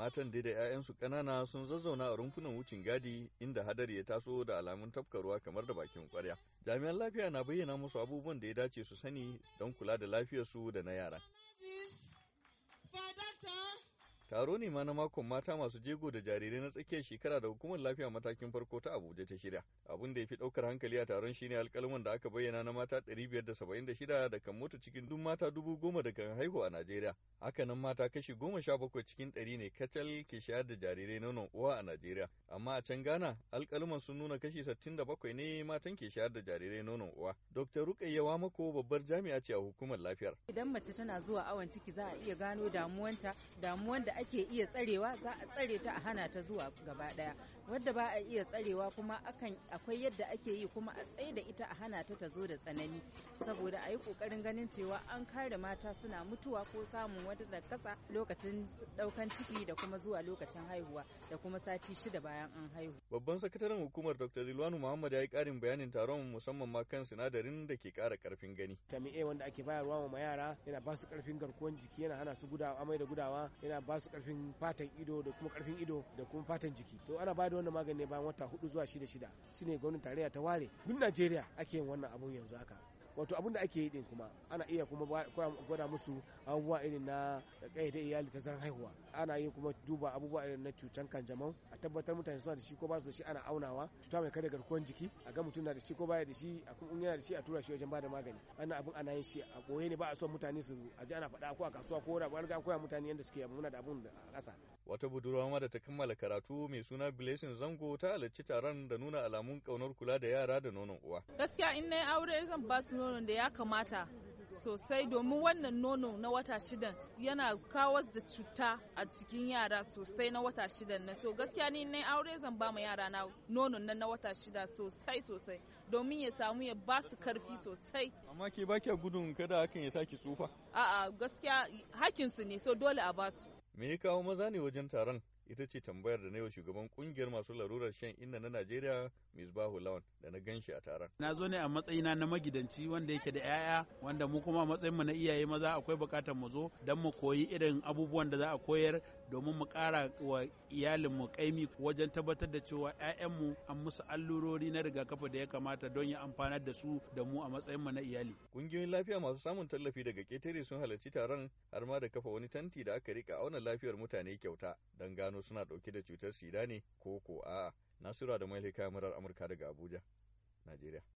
Matan dai da 'ya'yansu ƙanana sun zazzauna a rumfunan wucin gadi inda hadari ya taso da alamun tafkarwa kamar da bakin kwarya. Jami'an lafiya na bayyana musu abubuwan da ya dace su sani don kula da lafiyarsu da na yara. Taro ne ma na makon mata masu jego da jarirai na tsakiyar shekara da hukumar lafiya matakin farko ta Abuja ta shirya. Abin da ya fi ɗaukar hankali a taron shine alƙalman da aka bayyana na mata 576 da kan mutu cikin duk mata dubu goma da kan haihu a Najeriya. Hakanan mata kashi goma sha bakwai cikin ɗari ne kacal ke shayar da jarirai nonon uwa a Najeriya. Amma a can Ghana alƙalman sun nuna kashi 67 ne matan ke shayar da jarirai nonon uwa. Dr. Rukayya mako babbar jami'a ce a hukumar lafiyar. Idan mace tana zuwa awon ciki za a iya gano damuwanta damuwan da ake iya tsarewa za a tsare ta a hana ta zuwa gaba daya wadda ba a iya tsarewa kuma akan akwai yadda ake yi kuma a tsaye da ita a hana ta ta zo da tsanani saboda a yi kokarin ganin cewa an kare mata suna mutuwa ko samun wata da kasa lokacin daukan ciki da kuma zuwa lokacin haihuwa da kuma sati shida bayan an haihu babban sakataren hukumar dr rilwanu muhammad ya yi karin bayanin taron musamman ma kan sinadarin da ke kara karfin gani vitamin a wanda ake bayarwa ma yara yana ba su karfin garkuwar jiki yana hana su gudawa amai da gudawa yana ba su karfin fatan ido da kuma karfin ido da kuma fatan jiki to ana bada wannan magani bayan wata hudu zuwa shida shida shine gwamnatin tarayya ta ware duk Najeriya ake yin wannan abun yanzu haka wato abin da ake yi din kuma ana iya kuma gwada musu abubuwa irin na kayyade iyali ta zan haihuwa ana yi kuma duba abubuwa irin na cutan kanjamau a tabbatar mutane suna da shi ko ba su da shi ana aunawa cuta mai kada garkuwar jiki a ga mutum na da shi ko baya da shi a kuma yana da shi a tura shi wajen bada magani wannan abin ana yin shi a boye ne ba a son mutane su aje ana faɗa ko a kasuwa ko wani an ga koya mutane yadda suke muna da abun da a ƙasa wata budurwa ma da ta kammala karatu mai suna Blessing Zango ta halarci taron da nuna alamun kaunar kula da yara da nonon uwa gaskiya in na aure zan ba su nonon da ya kamata sosai domin wannan nono na wata shidan yana kawar da cuta a cikin yara sosai na wata shidan na so gaskiya ni ne aure zan ba ma yara na nonon nan na wata shida sosai sosai domin ya samu ya ba su karfi sosai amma ke ba gudun kada hakan ya saki tsufa a'a gaskiya hakinsu ne so dole a ba su me ya kawo maza ne wajen taron ita ce tambayar da na yau shugaban kungiyar masu larurar shan inna na Najeriya bahu Lawan da na ganshi a taron. Na zo ne a matsayina na magidanci wanda yake da 'ya'ya wanda mu kuma matsayin mu na iyaye maza akwai bukatar mu zo don mu koyi irin abubuwan da za a koyar domin mu kara wa iyalin mu kaimi wajen tabbatar da cewa mu an musu allurori na rigakafi da ya kamata don ya amfana da su da mu a matsayinmu na iyali. Ƙungiyoyin lafiya masu samun tallafi daga ƙetare sun halarci taron har ma da kafa wani tanti da aka rika auna lafiyar mutane kyauta don gano suna ɗauke da cutar sida ne ko ko a'a. Nasura da Mailika Murar Amurka daga Abuja, Najeriya.